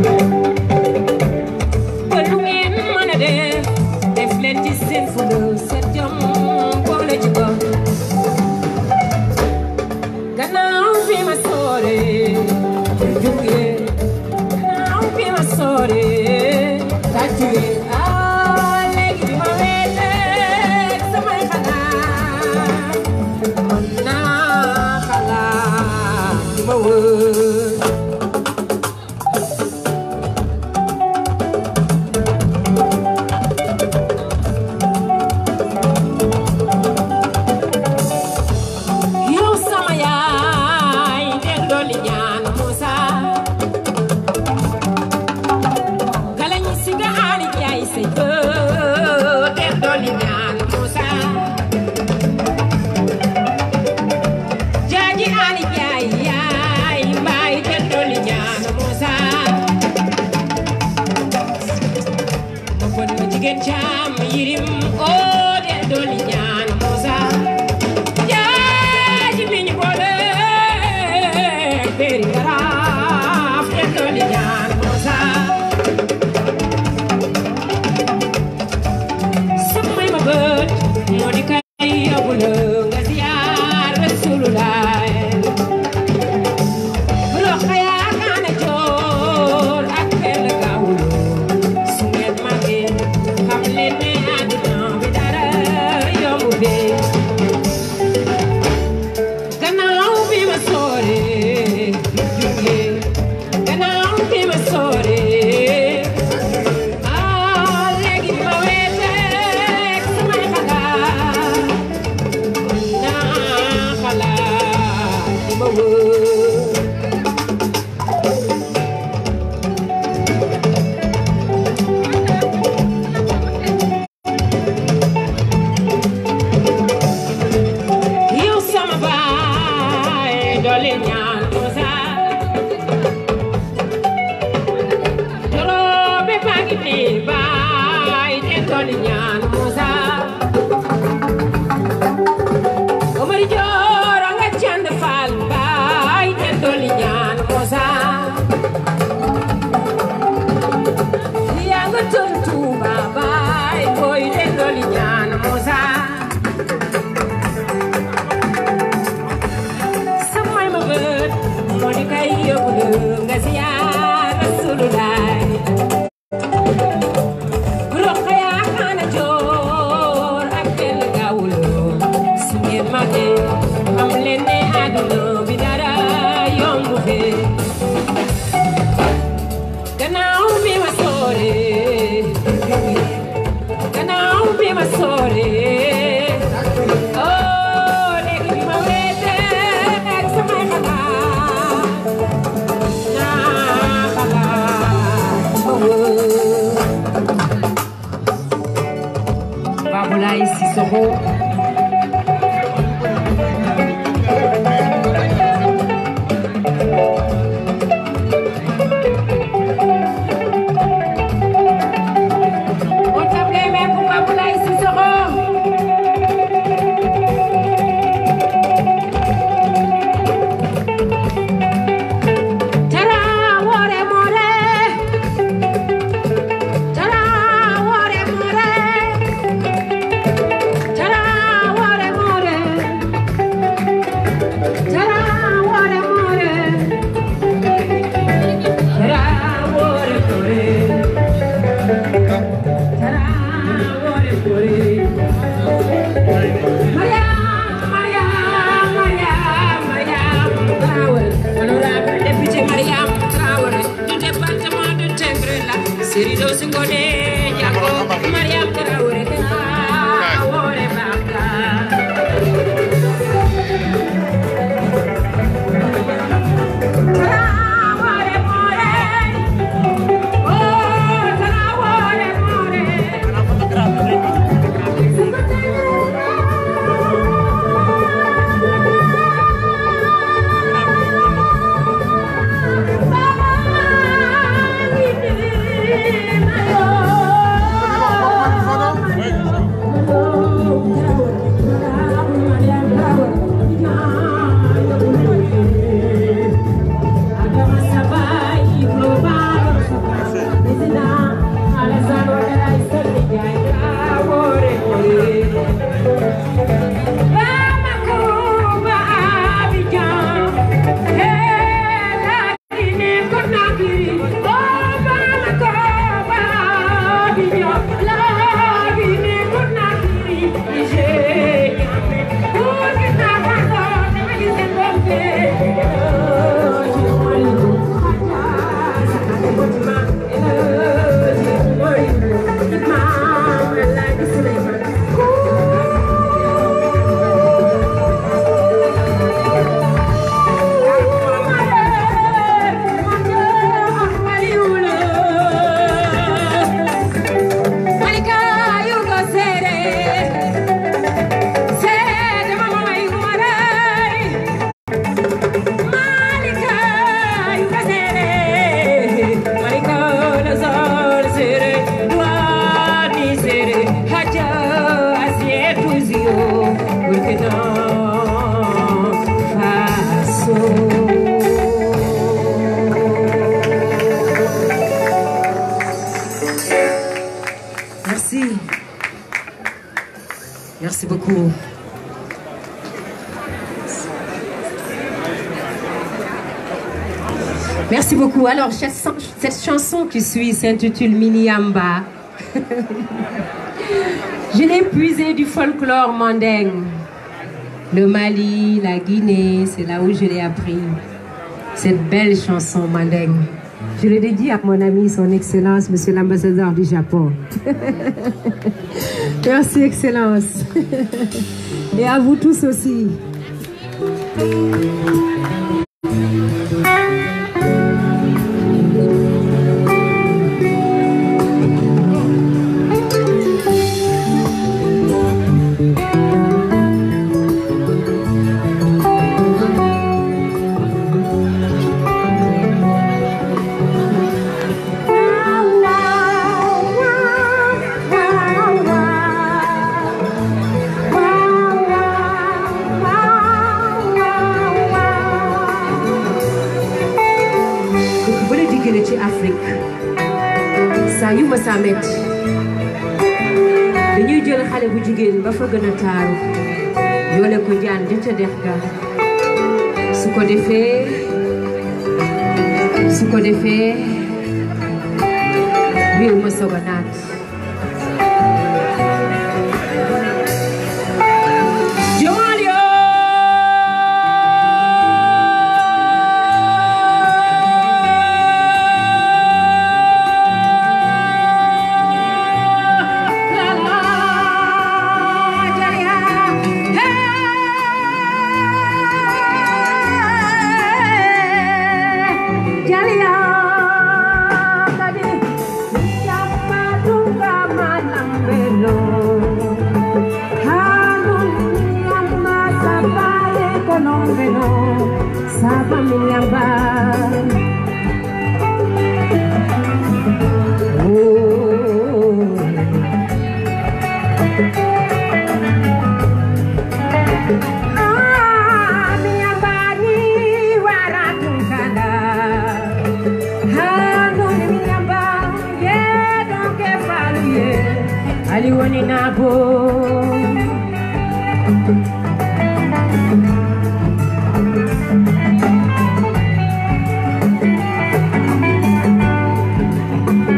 Thank you. Yeah. Merci. Merci beaucoup. Merci beaucoup. Alors, cette chanson qui suit s'intitule Miniamba. Je l'ai puisée du folklore mandingue. Le Mali, la Guinée, c'est là où je l'ai appris. Cette belle chanson mandingue. Je le dédie à mon ami, son Excellence, Monsieur l'ambassadeur du Japon. Merci, Excellence. Et à vous tous aussi. gën a taaru yoole ko jaan ja ca def ga su ko defee su ko defee réew ma soog a naat Thank you.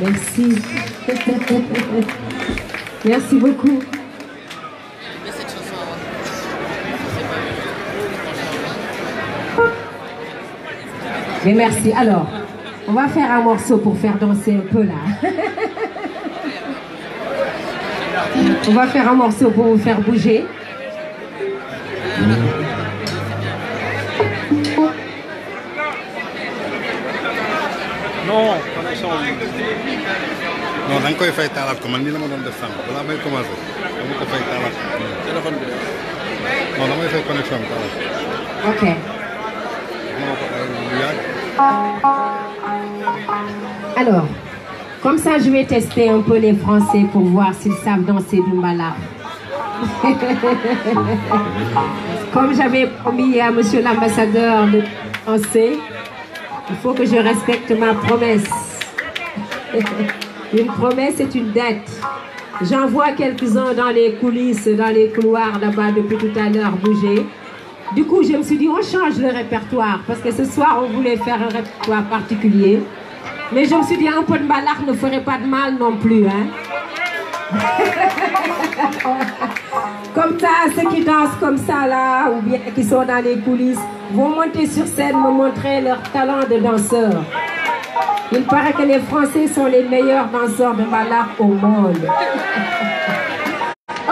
Merci. Merci beaucoup. Mais merci. Alors, on va faire un morceau pour faire danser un peu là. On va faire un morceau pour vous faire bouger non. non da nga koy fay taalaat ko man nii la ma doon def sànq balaa may commencé dama ko fay taalaat ko. téléphone bi non damay fay connexion bi taalaat ko. ok. dama ko ay lu yàgg. alors comme ça je vais tester un peu les Français pour voir s'ils savent danser Doumbala. comme j'avais promis à monsieur l'ambassadeur de penser, il faut que je respecte ma promesse. une promesse est une dette. J'en vois quelques-uns dans les coulisses, dans les couloirs là-bas depuis tout à l'heure bouger. Du coup, je me suis dit, on change le répertoire, parce que ce soir, on voulait faire un répertoire particulier. Mais je me suis dit, un peu de malard ne ferait pas de mal non plus. Hein? Comme ça, ceux qui dansent comme ça là, ou bien qui sont dans les coulisses, vont monter sur scène, me montrer leur talent de danseur. Il paraît que les Français sont les meilleurs danseurs de ballard au monde.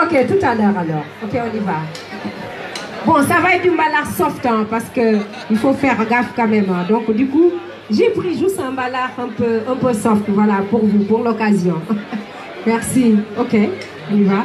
ok, tout à l'heure alors. Ok, on y va. Bon, ça va être du ballard soft, hein, parce qu'il faut faire gaffe quand même. Hein. Donc, du coup, j'ai pris juste un ballard un peu, un peu soft, voilà, pour vous, pour l'occasion. Merci. Ok, on y va.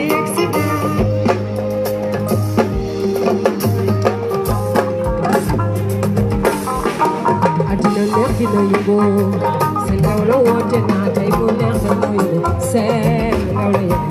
dina yóbboo seen ndaw la woote naa tey bu neex dama yóbboo seen ndaw la yóbboo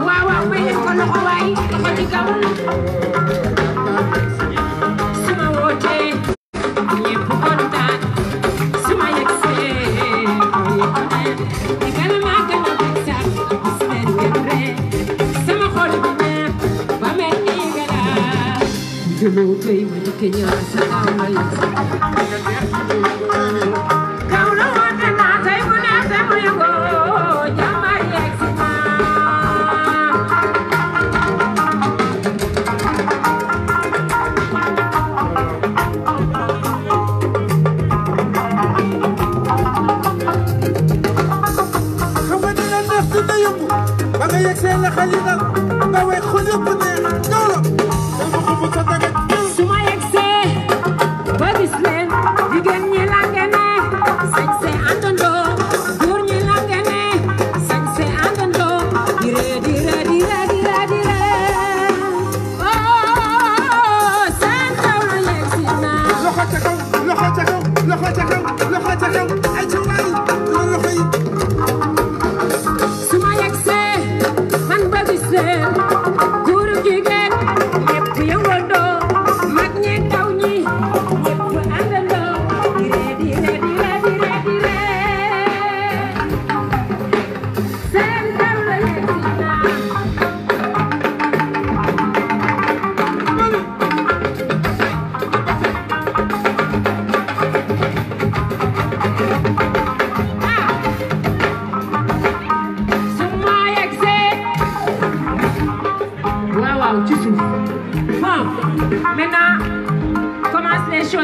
You're no play when you can, you're a سيكسي لخلينا نوي خلقني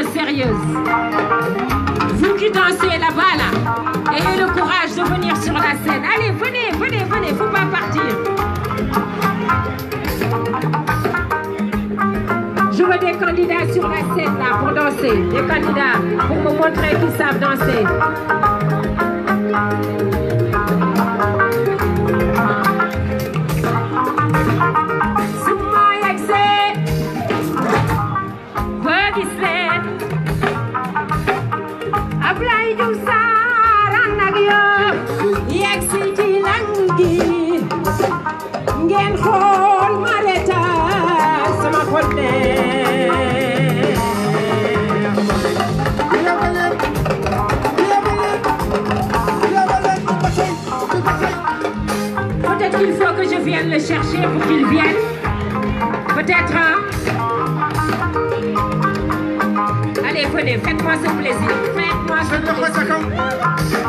sérieuse. Vous qui dansez là-bas, là, ayez le courage de venir sur la scène. Allez, venez, venez, venez, faut pas partir. Je veux des candidats sur la scène, là, pour danser. Des candidats pour me montrer qu'ils savent danser. Peut-être qu'il faut que je vienne le chercher pour qu'il vienne. Peut-être. Hein. Allez, venez, faites-moi ce plaisir. Faites-moi ce plaisir.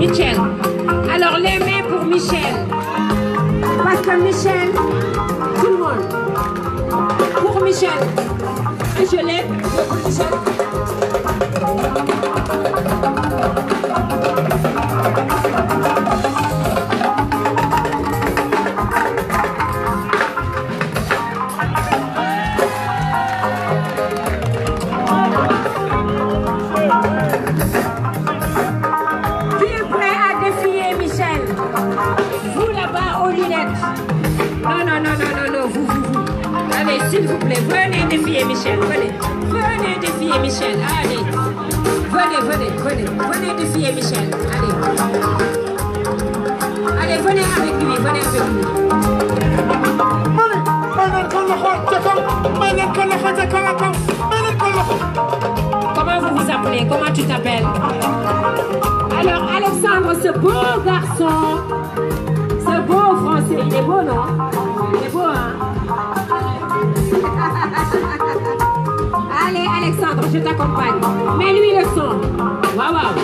Michel. Alors les mains pour Michel. Parce que Michel, tout le monde. Pour Michel. Et je l'aime, Michel. Non, non, non, non, non, non, vous, vous, vous. Allez, s'il vous plaît, venez défier Michel, venez. Venez défier Michel, allez. Venez, venez, venez. Venez défier Michel, allez. Allez, venez avec lui, venez avec lui. Comment vous vous appelez Comment tu t'appelles Alors, Alexandre, ce beau garçon beau français, il est beau, non Il est beau, hein Allez, Alexandre, je t'accompagne. Mets-lui le son. Waouh, waouh.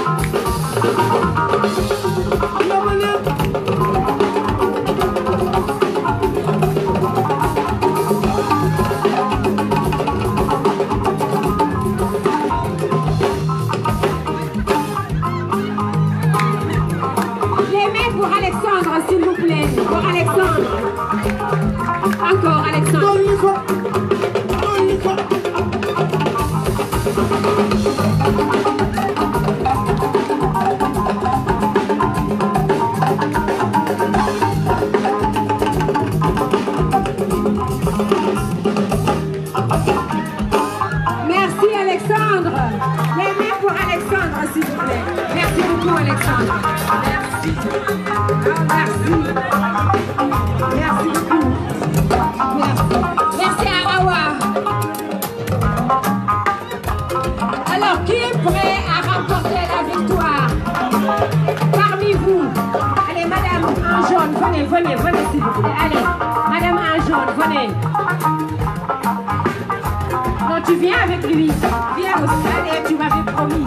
Alexandre. tu viens avec lui. Viens au stade tu m'avais promis.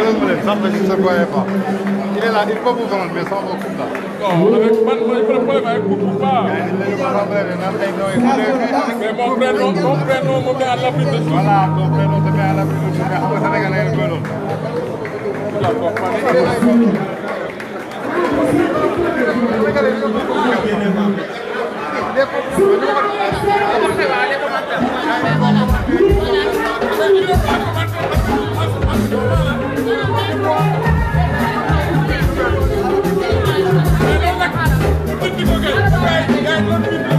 jëlal ma leen sax nga gis ne doyen Ba il est là il faut que mu xamal mais sama mbokku la. non man man problème ay kooku pas. mais mon prénom mon prénom moom day à l'appui de tout. voilà mon prénom tamit à l'appui de tout mais xam nga Sénégal ngeen koy lool. Thank you. Thank you.